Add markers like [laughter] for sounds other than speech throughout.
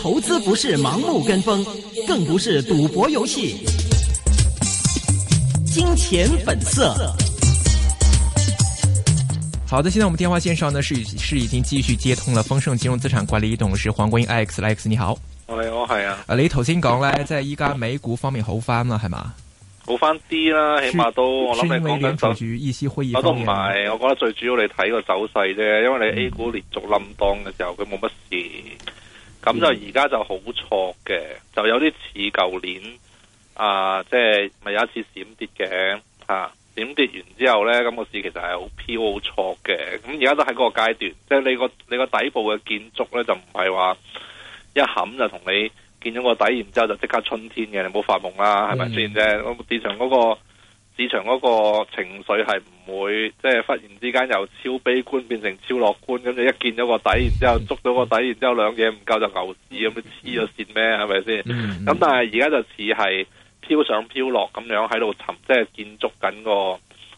投資不是盲目跟風，更不是賭博遊戲。金錢本色。好的，現在我們電話線上呢是是已經繼續接通了豐盛金融資產管理董事黃國英 Alex，Alex 你好，係啊，你頭先講呢，在依家美股方面好翻啦，係嘛？好翻啲啦，起碼都是我諗你講緊就是、我都唔係，嗯、我覺得最主要你睇個走勢啫，因為你 A 股連續冧當嘅時候佢冇乜事，咁就而家就好錯嘅，就有啲似舊年啊，即係咪有一次閃跌嘅嚇？閃、啊、跌完之後咧，咁、這個市其實係好飄好錯嘅，咁而家都喺嗰個階段，即、就、係、是、你個你個底部嘅建築咧，就唔係話一冚就同你。見咗個底，然之後就即刻春天嘅，你冇發夢啦、啊，係咪先啫？咁、mm hmm. 市場嗰、那個市場個情緒係唔會，即、就、係、是、忽然之間由超悲觀變成超樂觀，咁你一見咗個底，然之後捉到個底，然之後兩嘢，唔夠就牛市咁黐咗線咩？係咪先？咁、mm hmm. 嗯，、但係而家就似係飄上飄落咁樣喺度尋，即、就、係、是、建築緊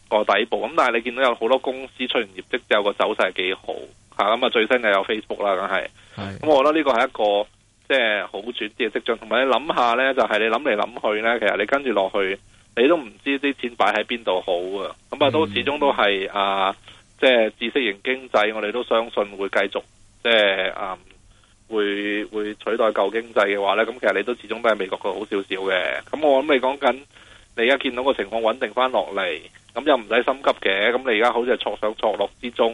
個個底部。咁、嗯，、但係你見到有好多公司出完業績，之後個走勢係幾好吓。咁啊、嗯，最新嘅有 Facebook 啦，梗係。咁、mm hmm. 我覺得呢個係一個。即係好轉啲嘅跡象，同埋你諗下呢，就係、是、你諗嚟諗去呢。其實你跟住落去，你都唔知啲錢擺喺邊度好啊！咁啊，都始終都係、嗯、啊，即係知識型經濟，我哋都相信會繼續即係啊，會會取代舊經濟嘅話呢。咁其實你都始終都係美國個好少少嘅。咁我諗你講緊你而家見到個情況穩定翻落嚟，咁又唔使心急嘅。咁你而家好似係錯上錯落之中，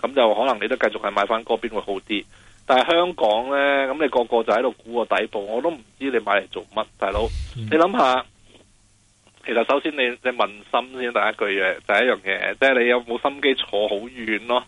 咁就可能你都繼續係買翻嗰邊會好啲。但係香港呢，咁你個個就喺度估個底部，我都唔知你買嚟做乜，大佬。你諗下，其實首先你你問心先第一句嘢，第一樣嘢，即係你有冇心機坐好遠咯。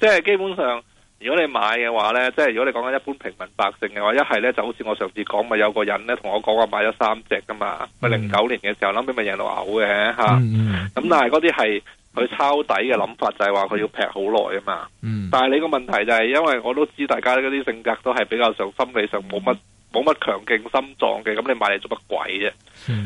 即係基本上，如果你買嘅話呢，即係如果你講緊一般平民百姓嘅話，一係呢就好似我上次講，咪有個人呢同我講話買咗三隻噶嘛，咪零九年嘅時候諗起咪贏到牛嘅嚇。咁、嗯嗯嗯、但係啲係。佢抄底嘅諗法就係話佢要劈好耐啊嘛，嗯、但係你個問題就係，因為我都知大家嗰啲性格都係比較上心理上冇乜冇乜強勁心臟嘅，咁你買嚟做乜鬼啫？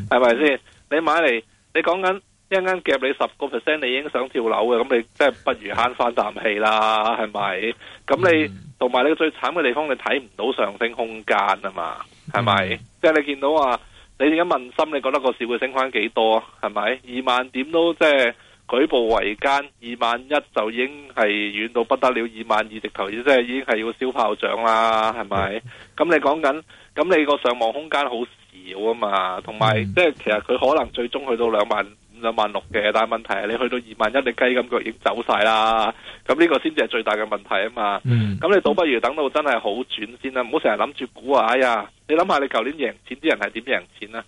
係咪先？你買嚟你講緊一陣間夾你十個 percent，你已經想跳樓嘅咁，你即係不如慳翻啖氣啦，係咪？咁你同埋、嗯、你最慘嘅地方，你睇唔到上升空間、嗯、啊嘛，係咪？即係你見到話你而家問心，你覺得個市會升翻幾多啊？係咪二萬點都即係？即舉步維艱，二萬一就已經係遠到不得了。二萬二直頭，即係已經係要燒炮仗啦，係咪？咁 [noise] 你講緊咁，你個上網空間好少啊嘛，同埋 [noise] 即係其實佢可能最終去到兩萬五、兩萬六嘅，但係問題係你去到二萬一，你雞咁腳已經走晒啦。咁呢個先至係最大嘅問題啊嘛。咁 [noise] 你倒不如等到真係好轉先啦，唔好成日諗住估啊。哎呀，你諗下，你舊年贏錢啲人係點贏錢啊？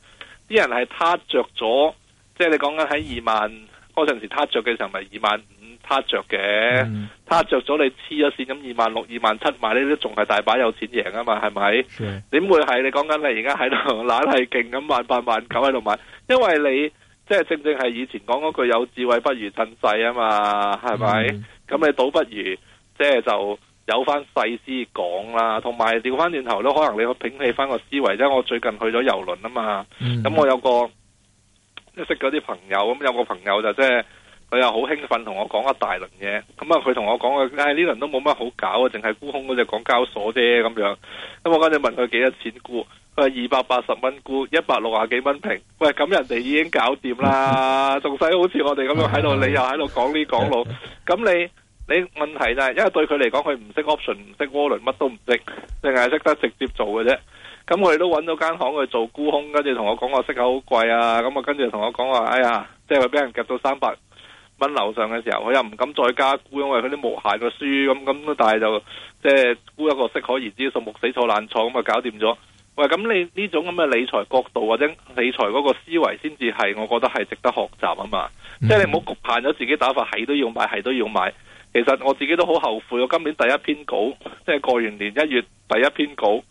啲人係撻着咗，即係你講緊喺二萬。嗰陣時撻着嘅時候咪二萬五撻着嘅，撻着咗你黐咗線，咁二萬六二萬七買呢啲仲係大把有錢贏啊嘛，係咪？點會係你講緊你而家喺度懶係勁咁萬八萬九喺度買？因為你即係、就是、正正係以前講嗰句有智慧不如趁勢啊嘛係咪？咁、嗯、你倒不如即係、就是、就有翻細思講啦，同埋調翻轉頭都可能你會摒棄翻個思維啫。因為我最近去咗遊輪啊嘛，咁、嗯嗯、我有個。即係識啲朋友，咁有個朋友就即係佢又好興奮同我講一大輪嘢，咁啊佢同我講佢唉呢輪都冇乜好搞啊，淨係沽空嗰隻港交所啫咁樣，咁我跟住問佢幾多錢沽，佢話二百八十蚊沽一百六啊幾蚊平，喂咁人哋已經搞掂啦，仲使好似我哋咁樣喺度？你又喺度講呢講路，咁你你問題就係，因為對佢嚟講，佢唔識 option，唔識渦輪，乜都唔識，淨係識得直接做嘅啫。咁我哋都揾到間行去做沽空，跟住同我講話息口好貴啊！咁啊，跟住同我講話，哎呀，即係話俾人夾到三百蚊樓上嘅時候，我又唔敢再加沽，因為佢啲無限個輸咁咁。但係就即係沽一個息可然之數目死錯爛錯咁啊，就搞掂咗。喂，咁你呢種咁嘅理財角度或者理財嗰個思維，先至係我覺得係值得學習啊嘛！嗯、即係你唔好局限咗自己打法，係都要買，係都要買。其實我自己都好後悔，我今年第一篇稿，即係過完年一月第一篇稿。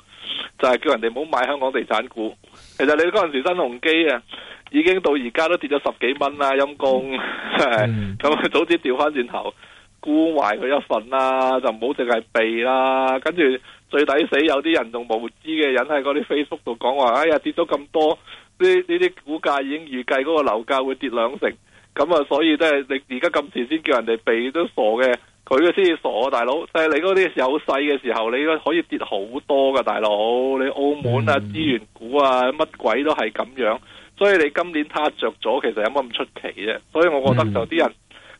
就係叫人哋唔好買香港地產股，其實你嗰陣時新鴻基啊，已經到而家都跌咗十幾蚊啦，陰公咁、 [laughs] 嗯、 [laughs] 啊，早啲調翻轉頭估埋佢一份啦，就唔好淨係避啦。跟住最抵死有啲人仲無知嘅，人喺嗰啲 Facebook 度講話，哎呀跌咗咁多，呢呢啲股價已經預計嗰個樓價會跌兩成，咁啊，所以都係你而家咁遲先叫人哋避都傻嘅。佢嘅先至傻啊，大佬！但係你嗰啲有勢嘅時候，你個可以跌好多噶，大佬。你澳門啊、資源股啊、乜鬼都係咁樣，所以你今年塌着咗，其實有乜咁出奇啫？所以，我覺得有啲人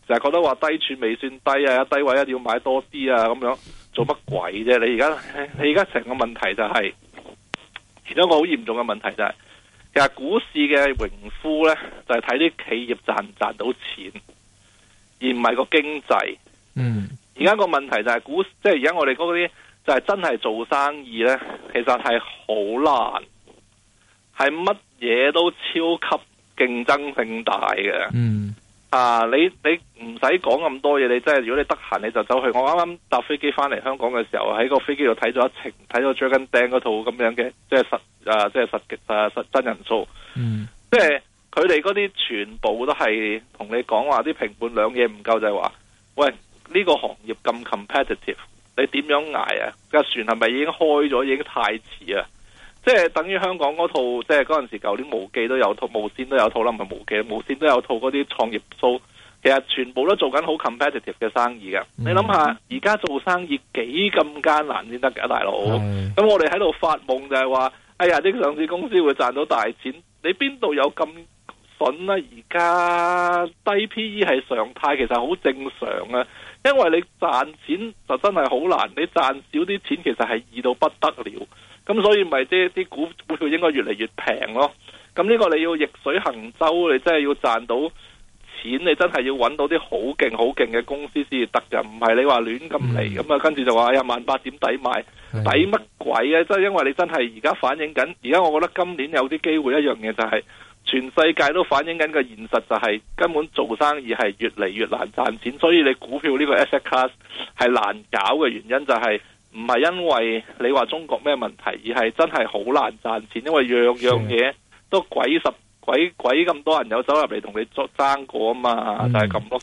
成日覺得話低處未算低啊，低位一定要買多啲啊，咁樣做乜鬼啫？你而家，你而家成個問題就係其中一個好嚴重嘅問題就係、是、其實股市嘅榮辱呢，就係睇啲企業賺唔賺到錢，而唔係個經濟。嗯，而家個問題就係、是、股，即係而家我哋嗰啲就係真係做生意呢，其實係好難，係乜嘢都超級競爭性大嘅。嗯，啊，你你唔使講咁多嘢，你真係、就是、如果你得閒你就走去。我啱啱搭飛機返嚟香港嘅時候，喺個飛機度睇咗一程，睇咗最近訂嗰套咁樣嘅，即係實、啊、即係實、啊、實，實，實真人數。嗯、即係佢哋嗰啲全部都係同你講話啲平板兩嘢唔夠就係、是、話，喂。呢個行業咁 competitive，你點樣捱啊？架船係咪已經開咗已經太遲啊？即係等於香港嗰套，即係嗰陣時舊年無記都有套無線都有套啦，唔係無記無線都有套嗰啲創業數，其實全部都做緊好 competitive 嘅生意嘅。Mm hmm. 你諗下，而家做生意幾咁艱難先得㗎，大佬。咁、mm hmm. 我哋喺度發夢就係話，哎呀，啲上市公司會賺到大錢，你邊度有咁？而家低 PE 係常態，其實好正常啊。因為你賺錢就真係好難，你賺少啲錢其實係易到不得了。咁所以咪啲啲股股票應該越嚟越平咯。咁呢個你要逆水行舟，你真係要賺到錢，你真係要揾到啲好勁好勁嘅公司先至得嘅。唔係你話亂咁嚟咁啊，嗯、跟住就話呀萬八點抵買，抵乜鬼啊！即係因為你真係而家反映緊，而家我覺得今年有啲機會一樣嘢就係。全世界都反映緊個現實，就是，就係根本做生意係越嚟越難賺錢。所以你股票呢個 asset class 係難搞嘅原因，就是，就係唔係因為你話中國咩問題，而係真係好難賺錢，因為樣樣嘢都鬼十的鬼鬼咁多人有走入嚟同你作爭過啊嘛，嗯、就係咁咯。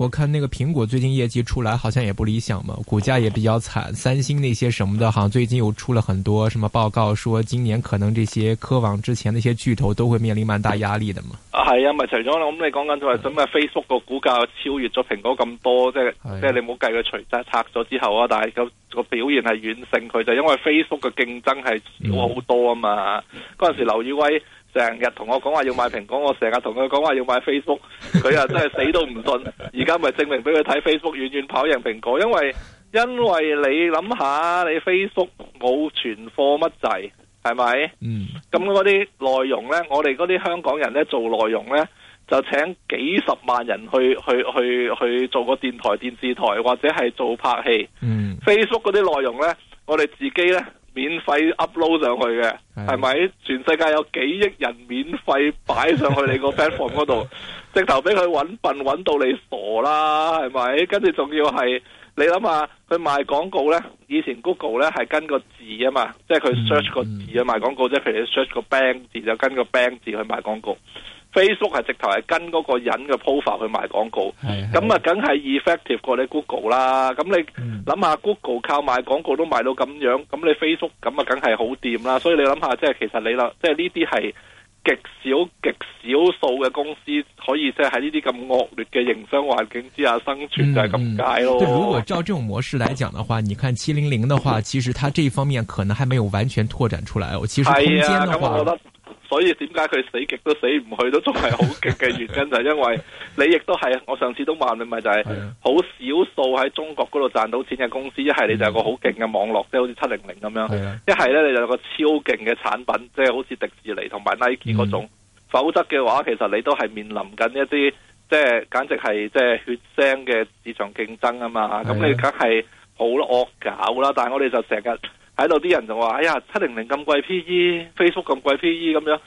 我看那個蘋果最近業績出來，好像也不理想嘛，股價也比較慘。三星那些什麼的，好像最近又出了很多什麼報告，說今年可能這些科網之前那些巨頭都會面臨蠻大壓力的嘛。啊係啊，咪除咗啦，咁你講緊佢係點啊？Facebook 個股價超越咗蘋果咁多，即係即係你唔好計佢除晒拆咗之後啊，但係個個表現係遠勝佢，就因為 Facebook 嘅競爭係少好多啊嘛。嗰陣時劉宇威。嗯嗯嗯成日同我講話要買蘋果，我成日同佢講話要買 Facebook，佢又真係死都唔信。而家咪證明俾佢睇 Facebook 遠遠跑贏蘋果，因為因為你諗下，你 Facebook 冇存貨乜滯，係咪？嗯。咁嗰啲內容呢，我哋嗰啲香港人呢做內容呢，就請幾十萬人去去去去做個電台、電視台或者係做拍戲。嗯。Facebook 嗰啲內容呢，我哋自己呢。免費 upload 上去嘅，係咪？全世界有幾億人免費擺上去你個 platform 嗰度。 [laughs] 直頭俾佢搵笨搵到你傻啦，係咪？跟住仲要係你諗下，佢賣廣告咧，以前 Google 咧係跟個字啊嘛，即係佢 search 個字就賣廣告、嗯、即係，譬如你 search 個 band 字就跟個 band 字去賣廣告。Facebook 係直頭係跟嗰個人嘅 profile 去賣廣告，咁啊梗係 effective 過你 Google 啦。咁、嗯、你諗下 Google 靠賣廣告都賣到咁樣，咁你 Facebook 咁啊梗係好掂啦。所以你諗下，即係其實你啦，即係呢啲係極少極少數嘅公司可以即係喺呢啲咁惡劣嘅營商環境之下生存、嗯、就係咁解咯。就如果照這種模式嚟講嘅話，你看七零零嘅話，其實佢呢方面可能還沒有完全拓展出來。我其實空間嘅話。係啊，我覺得所以點解佢死極都死唔去都仲係好極嘅原因 [laughs] 就係因為你亦都係我上次都問你咪就係、是、好的少數喺中國嗰度賺到錢嘅公司，一係你就有個好勁嘅網絡，即係好似七零零咁樣，一係呢，的你就有個超勁嘅產品，即係好似迪士尼同埋 Nike 嗰種的否則嘅話其實你都係面臨緊一啲即係簡直係即係血腥嘅市場競爭啊嘛，咁的你梗係好惡搞啦，但係我哋就成日。喺度啲人就話：哎呀，七零零咁貴 P E，Facebook 咁貴 P E 咁樣，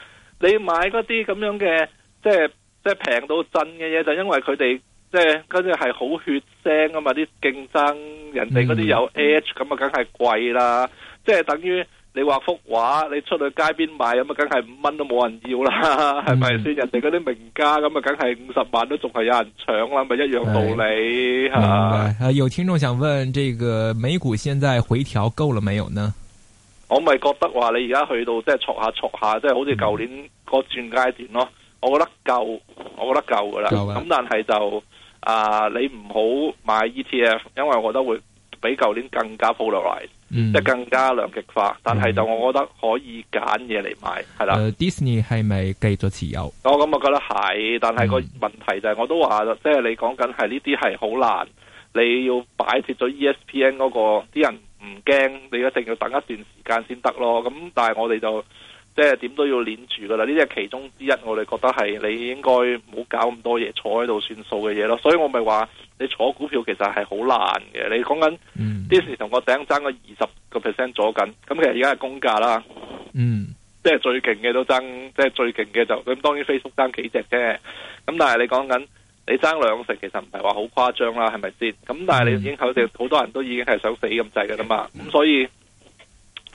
你買嗰啲咁樣嘅，即係即係平到震嘅嘢，就因為佢哋即係嗰啲係好血腥啊嘛，啲競爭，人哋嗰啲有 edge 咁啊，就梗係貴啦，即係等於。你畫幅畫，你出去街邊賣咁啊，梗係五蚊都冇人要啦，係咪先？人哋嗰啲名家咁啊，梗係五十萬都仲係有人搶啦，咪一樣道理係、哎、啊，有聽眾想問、這個，呢個美股現在回調夠了沒有呢？我咪覺得話你而家去到即係戳下戳下，即係好似舊年個轉階段咯。我覺得夠，我覺得夠噶啦。咁吧但係就啊、呃，你唔好買 ETF，因為我覺得會比舊年更加 polarize。即、嗯、更加兩極化，但係就我覺得可以揀嘢嚟買，係啦、嗯。的 uh, Disney 係咪繼續持有？我咁我覺得係，但係個問題就係、是、我都話，即、就、係、是、你講緊係呢啲係好難，你要擺脫咗 ESPN 嗰、那個啲人唔驚，你一定要等一段時間先得咯。咁但係我哋就。即係點都要黏住噶啦，呢啲係其中之一，我哋覺得係你應該唔好搞咁多嘢，坐喺度算數嘅嘢咯。所以我咪話你坐股票其實係好難嘅。你講緊啲事同個頂爭咗二十個 percent 咗緊，咁、嗯、其實而家係公價啦。嗯，即係最勁嘅都爭，即係最勁嘅就咁，當然 Facebook 爭幾隻啫。咁但係你講緊你爭兩成，其實唔係話好誇張啦，係咪先？咁但係你已經好，即好多人都已經係想死咁滯噶啦嘛。咁所以。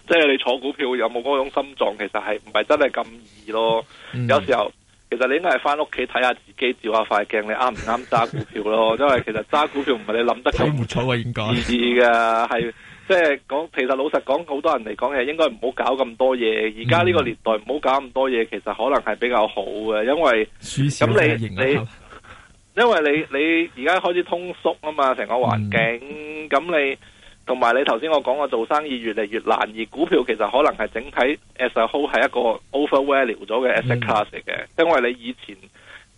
即係你坐股票有冇嗰種心臟？其實係唔係真係咁易咯？嗯、有時候其實你應該係返屋企睇下自己照下塊鏡，你啱唔啱揸股票咯？ [laughs] 因為其實揸股票唔係你諗得咁易咯。易嘅係即係講，其實老實講，好多人嚟講嘢應該唔好搞咁多嘢。而家呢個年代唔好、嗯、搞咁多嘢，其實可能係比較好嘅，因為咁你你因為你你而家開始通縮啊嘛，成個環境咁你。嗯嗯同埋你頭先我講過做生意越嚟越難，而股票其實可能係整體 as a whole 係一個 overvalued 咗嘅 asset class 嚟嘅，因為你以前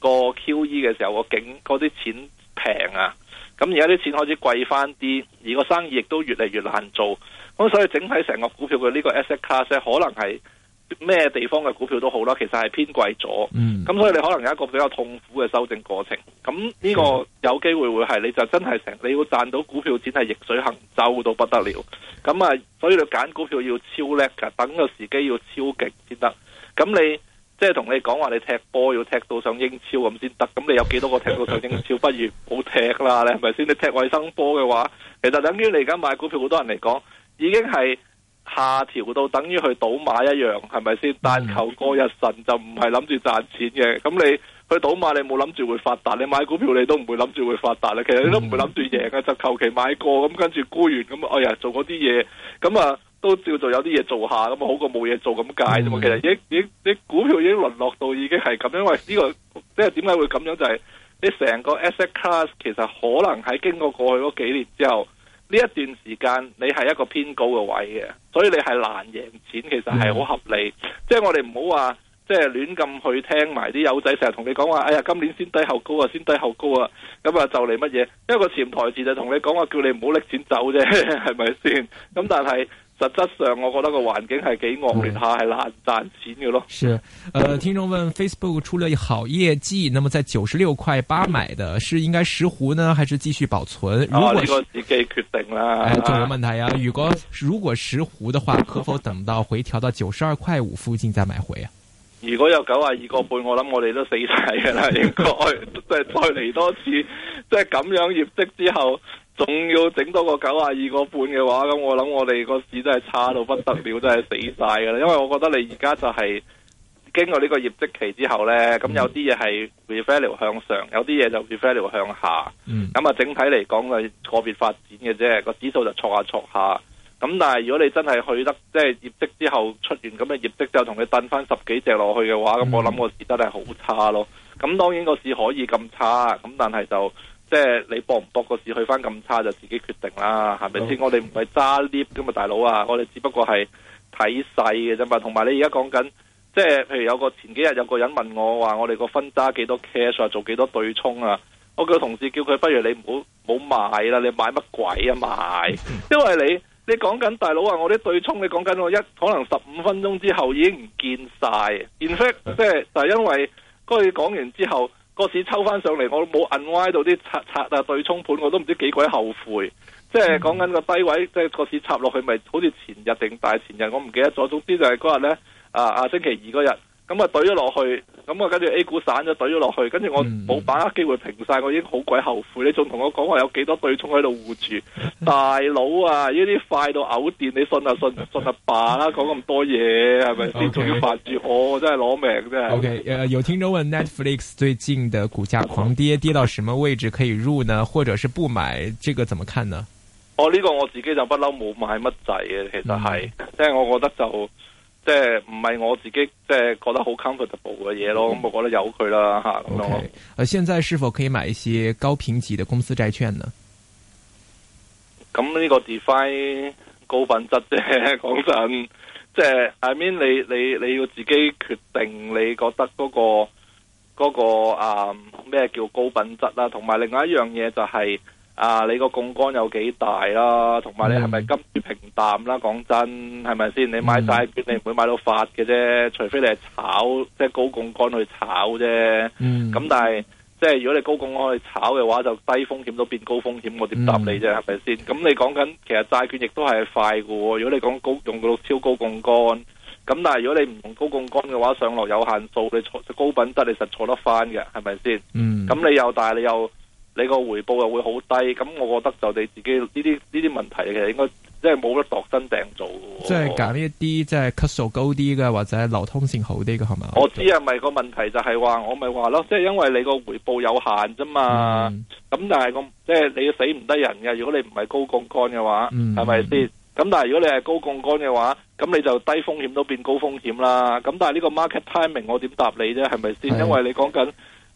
個 QE 嘅時候個景嗰啲錢平啊，咁而家啲錢開始貴返啲，而個生意亦都越嚟越難做，咁所以整體成個股票嘅呢個 asset class 可能係。咩地方嘅股票都好啦，其實係偏貴咗，咁、嗯、所以你可能有一個比較痛苦嘅修正過程。咁呢、嗯、個有機會會係你就真係成你會賺到股票錢，真係逆水行舟到不得了。咁啊，所以你揀股票要超叻嘅，等個時機要超極先得。咁你即係同你講話，你踢波要踢到上英超咁先得。咁你有幾多個踢到上英超？ [laughs] 不如唔好踢啦，你係咪先？你踢衛生波嘅話，其實等於你而家買股票好多人嚟講已經係。下調到等於去賭馬一樣，係咪先？但求過日神就唔係諗住賺錢嘅。咁你去賭馬，你冇諗住會發達；你買股票，你都唔會諗住會發達啦。其實你都唔會諗住贏嘅，就求其買個咁，跟住沽完咁，哎呀做嗰啲嘢，咁啊都照做有啲嘢做下，咁啊好過冇嘢做咁解啫嘛。嗯、其實已經已經，你股票已經淪落到已經係咁，因為呢、這個即係點解會咁樣就係、是、你成個 asset class 其實可能喺經過過去嗰幾年之後。呢一段時間你係一個偏高嘅位嘅，所以你係難贏錢，其實係好合理，嗯即。即係我哋唔好話，即係亂咁去聽埋啲友仔成日同你講話，哎呀，今年先低後高啊，先低後高啊，咁啊就嚟乜嘢？因為個潛台詞就同你講話，叫你唔好拎錢走啫，係咪先？咁但係。實質上，我覺得個環境係幾惡劣下，係對難賺錢嘅咯。是，誒、呃，聽眾問 Facebook 出了好業績，那麼在九十六塊八買的，是應該石斛呢，還是繼續保存？啊，呢、哦、個自己決定啦。誒、哎，仲有問題、啊，如果如果石斛的話，可否、啊、等到回調到九十二塊五附近再買回啊？如果有九啊二個半，我諗我哋都死晒噶啦，應該即係再嚟多次，即係咁樣業績之後。仲要整多個九啊二個半嘅話，咁我諗我哋個市真係差到不得了，真係死晒㗎喇。因為我覺得你而家就係、是、經過呢個業績期之後呢，咁有啲嘢係 revert 向上，有啲嘢就 revert 向下。咁啊、嗯，整體嚟講係個別發展嘅啫，個指數就挫下挫下。咁但係如果你真係去得即係、就是、業績之後出完咁嘅業績就同佢掟翻十幾隻落去嘅話，咁我諗個市真係好差咯。咁當然個市可以咁差，咁但係就。即係你博唔博個市去翻咁差就自己決定啦，係咪先？我哋唔係揸呢啲咁嘛，大佬啊，我哋只不過係睇細嘅啫嘛。同埋你而家講緊，即係譬如有個前幾日有個人問我話，我哋個分揸幾多 cash，啊？做幾多對沖啊？我叫個同事叫佢不如你唔好唔好買啦，你買乜鬼啊買？因為你你講緊大佬啊。我啲對沖，你講緊我一可能十五分鐘之後已經唔見晒，In fact、嗯、即係就係、是、因為嗰句講完之後。個市抽翻上嚟，我冇摁歪到啲插插啊對沖盤，我都唔知幾鬼後悔。即係講緊個低位，即係個市插落去，咪好似前日定大前日，我唔記得咗。總之就係嗰日呢，啊啊星期二嗰日。 [noise] [noise] [noise] 咁啊，懟咗落去，咁啊、嗯，跟住 A 股散咗，懟咗落去，跟住我冇把握機會平晒，我已經好鬼後悔。你仲同我講話有幾多對沖喺度護住， [laughs] 大佬啊，呢啲快到嘔電，你信啊信啊，信阿爸啦，講咁多嘢係咪先？仲要煩住我，真係攞命真係。OK，uh, 有聽眾問 Netflix 最近嘅股價狂跌，跌，跌到什麼位置可以入呢？或者是不買，這個怎麼看呢？是哦，呢、這個我自己就不嬲冇買乜滯嘅，其實係，即係是我覺得就。即係唔係我自己，即係覺得好 comfortable 嘅嘢咯。咁、oh. 我覺得有佢啦吓咁咯。而 Okay. 現在是否可以買一些高評級嘅公司債券呢？咁呢個 define 高品質啫，講真， [laughs] 即係 I mean 你你你要自己決定，你覺得嗰、嗰個、嗰個啊咩叫高品質啦、啊，同埋另外一樣嘢就係、是。啊！你個槓桿有幾大啦？同埋你係咪金豬平淡啦？講、嗯、真，係咪先？你買債券你唔會買到法嘅啫，除非你係炒，即、就、係、是、高槓桿去炒啫。咁、嗯、但係，即、就、係、是、如果你高槓桿去炒嘅話，就低風險都變高風險，我點答你啫？係咪先？咁你講緊其實債券亦都係快嘅喎。如果你講高用到超高槓桿，咁但係如果你唔用高槓桿嘅話，上落有限數，你坐高品質你實坐得翻嘅，係咪先？咁你又大，你又。你個回報又會好低，咁我覺得就你自己呢啲呢啲問題其實應該即係冇得度身訂做。即係揀呢一啲我即係質素高啲嘅，或者流通性好啲嘅，係嘛？我知啊，咪個問題就係、是、話我咪話咯，即係因為你個回報有限啫嘛。咁、嗯、但係個即係你死唔得人嘅，如果你唔係高槓桿嘅話，係咪先？咁但係如果你係高槓桿嘅話，咁你就低風險都變高風險啦。咁但係呢個 market timing 我點答你啫？係咪先？是因為你講緊。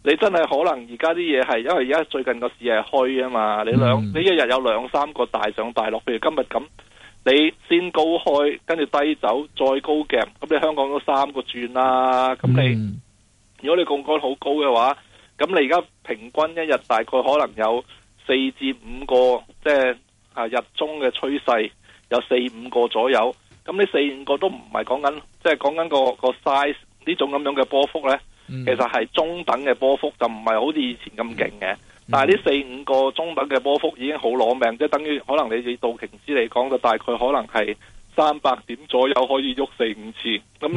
你真係可能而家啲嘢係，因為而家最近個市係虛啊嘛，你兩、嗯、你一日有兩三個大上大落，譬如今日咁，你先高開，跟住低走，再高鏡，咁你香港都三個轉啦，咁你、嗯、如果你槓桿好高嘅話，咁你而家平均一日大概可能有四至五個，即係啊日中嘅趨勢有四五個左右，咁呢四五個都唔係講緊，即係講緊個個 size 呢種咁樣嘅波幅呢。嗯、其實係中等嘅波幅，就唔係好似以前咁勁嘅。嗯嗯、但係呢四五個中等嘅波幅已經好攞命，即係等於可能你以道瓊斯嚟講，就大概可能係三百點左右可以喐四五次。咁你，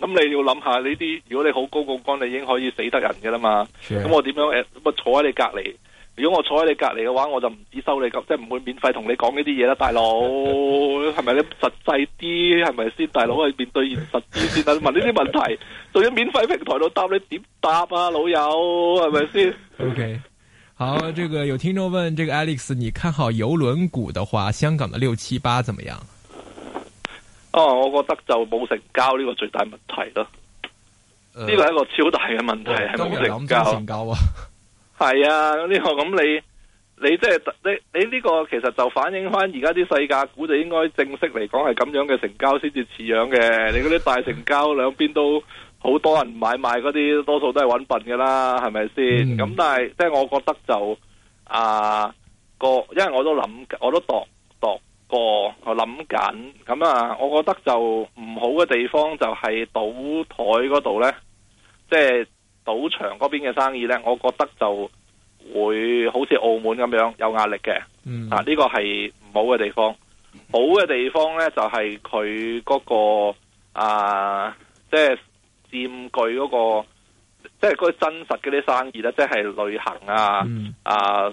咁、嗯、你要諗下呢啲，如果你好高槓桿，你已經可以死得人嘅啦嘛。咁的我點樣誒？呃、坐喺你隔籬。如果我坐喺你隔籬嘅話，我就唔止收你即係唔會免費同你講呢啲嘢啦，大佬係咪？係咪你實際啲係咪先？大佬去 [laughs] 面對現實啲先，等問呢啲問題。到咗免費平台度答你，點答啊，老友係咪先？OK，好，呢、這個有聽眾問，這個 Alex，你看好郵輪股的話，香港嘅六七八怎麼樣？哦，我覺得就冇成交呢、這個最大問題咯。呢個係一個超大嘅問題，係冇、呃、成交、呃、啊。係啊，呢、這個咁你你即、就、係、是、你你呢個其實就反映翻而家啲細價股就應該正式嚟講係咁樣嘅成交先至似樣嘅，你嗰啲大成交兩邊都好多人買賣嗰啲，多數都係揾笨㗎啦，係咪先？咁、嗯嗯、但係即係我覺得就啊個，因為我都諗，我都度度過，我諗緊，咁、嗯、啊，我覺得就唔好嘅地方就係倒枱嗰度呢，即、就、係、是。賭場嗰邊嘅生意呢，我覺得就會好似澳門咁樣有壓力嘅。嗯、啊，呢個係唔好嘅地方。好嘅地方呢，就係佢嗰個啊，即係佔據嗰個，即係嗰啲真實嘅啲生意呢，即係旅行啊、嗯、啊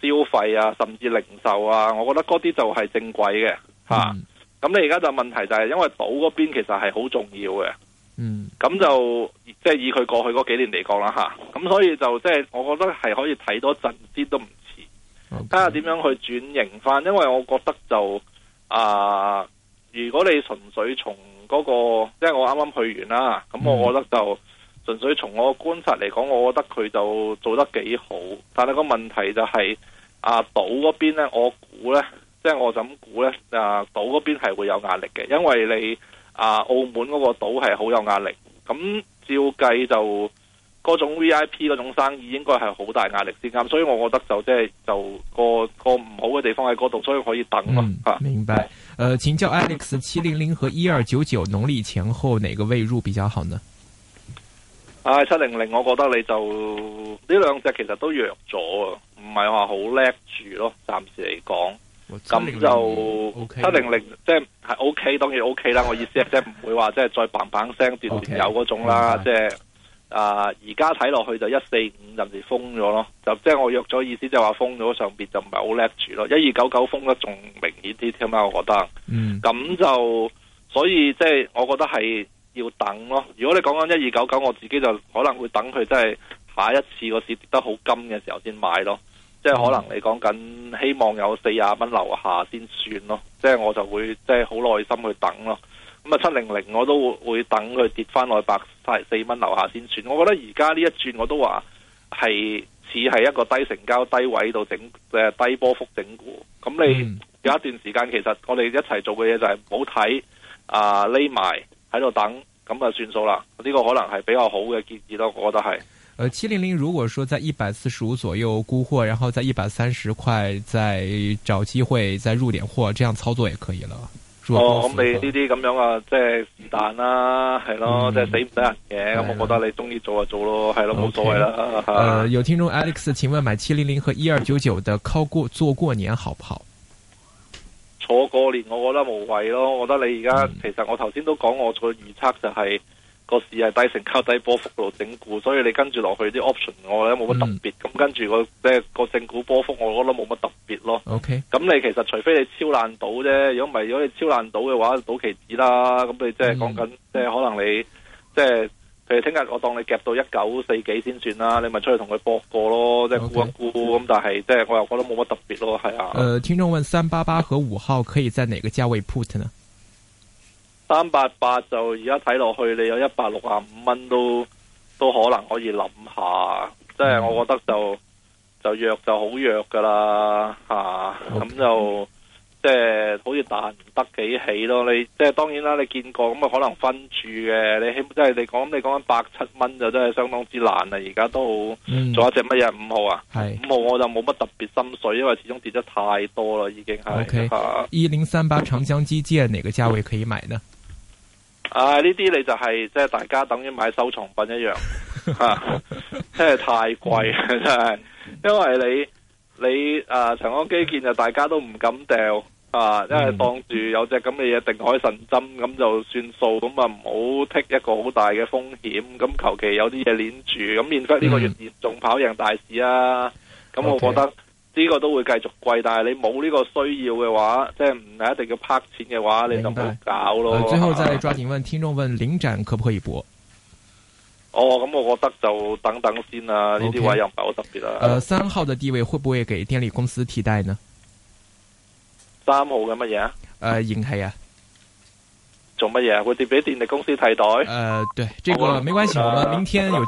消費啊，甚至零售啊，我覺得嗰啲就係正軌嘅。吓、啊，咁、嗯、你而家就問題就係，因為島嗰邊其實係好重要嘅。嗯，咁就即係以佢過去嗰幾年嚟講啦吓，咁、啊、所以就即係、就是、我覺得係可以睇多陣啲都唔遲，睇下點樣去轉型翻。因為我覺得就啊、呃，如果你純粹從嗰、那個，即係我啱啱去完啦，咁我覺得就純、嗯、粹從我觀察嚟講，我覺得佢就做得幾好。但係個問題就係、是、啊，島嗰邊呢，我估呢，即、就、係、是、我咁估呢？啊，島嗰邊係會有壓力嘅，因為你。啊！澳門嗰個島係好有壓力，咁、嗯、照計就嗰種 V I P 嗰種生意應該係好大壓力先啱。所以我覺得就即係就，就個個唔好嘅地方喺嗰度，所以可以等咯、嗯。明白。誒、啊呃，請教 Alex，七零零和一二九九農曆前後哪個位入比較好呢？啊七零零，我覺得你就呢兩隻其實都弱咗啊，唔係話好叻住咯，暫時嚟講。咁 700, 就七零零，即係 O K，當然 O、okay、K 啦。 [laughs] 我意思係 [laughs] 即係唔會話即係再砰砰聲斷斷有嗰種啦。即係 [laughs] 啊，而家睇落去就一四五暫時封咗咯，就即係我約咗意思即係話封咗上邊就唔係好叻住咯。一二九九封得仲明顯啲添啦，我覺得。嗯，咁就所以即係我覺得係要等咯。如果你講緊一二九九，我自己就可能會等佢即係下一次個市跌得好金嘅時候先買咯。嗯、即係可能你講緊希望有四十蚊樓下先算咯，即係我就會即係好耐心去等咯。咁、嗯、啊，七零零我都會會等佢跌翻落去百四蚊樓下先算。我覺得而家呢一轉我都話係似係一個低成交、低位度整嘅低波幅整股。咁、嗯、你有一段時間其實我哋一齊做嘅嘢就係唔好睇啊，匿埋喺度等，咁啊算數啦。呢、這個可能係比較好嘅建議咯，我覺得係。誒，七零零如果說在一百四十五左右沽貨，然後在一百三十塊再找機會再入點貨，這樣操作也可以啦。了哦，咁、嗯、你呢啲咁樣啊，即係是但啦，係、嗯、咯，即係死唔得人嘅。咁了我覺得你中意做就做咯，係咯，冇了所謂啦。有聽眾 Alex，請問買七零零和一二九九的，靠過坐過年好不好？坐過年我覺得無謂咯，我覺得你而家、嗯、其實我頭先都講，我做預測就係。嗯個市係低成交低波幅度整固，所以你跟住落去啲 option，我、嗯就是、我覺得冇乜特別。咁跟住個即係個正股波幅，我覺得冇乜特別咯。咁 Okay. 你其實除非你超爛賭啫，如果唔係，如果你超爛賭嘅話，賭期指啦。咁你即係講緊，即係、嗯、可能你即係譬如聽日，我當你夾到一九四幾先算啦。你咪出去同佢博過咯，即係 Okay. 估一估。咁、嗯、但係即係我又覺得冇乜特別咯，係啊。誒、呃，聽眾問三八八和五號可以在哪個價位 put 呢？三八八就而家睇落去，你有一百六啊五蚊都都可能可以諗下，即係、嗯、我覺得就就弱就好弱噶啦吓，咁就即係好似彈唔得幾起咯。你即係當然啦，你見過咁啊，可能分注嘅，你希即係你講你講緊百七蚊就真係相當之難啦。而家都好、嗯、做一隻乜嘢五號啊？五是號我就冇乜特別心水，因為始終跌得太多啦，已經係。O K，一零三八長江基建，哪個價位可以買呢？啊！呢啲你就係、是、即係大家等於買收藏品一樣，吓、啊， [laughs] 真係太貴啦！真係、mm，hmm. [laughs] 因為你你誒，呃、長安基建就大家都唔敢掉啊，因為當住有隻咁嘅嘢定海神針，咁就算數，咁啊唔好剔一個好大嘅風險，咁求其有啲嘢鏈住，咁免得呢個月仲跑贏大市啊！咁、mm hmm. 我覺得。Okay. 呢個都會繼續貴，但係你冇呢個需要嘅話，即係唔係一定要拍錢嘅話，你就唔好搞咯。最後再抓緊問聽眾：問領展可唔可以搏？哦，咁我覺得就等等先啦。呢啲位又唔係好特別啊。呃，三號嘅地位會唔會俾電力公司替代呢？三號嘅乜嘢啊？誒，燃氣啊？做乜嘢啊？會跌俾電力公司替代？誒，對，呢個沒關係，我們明天有。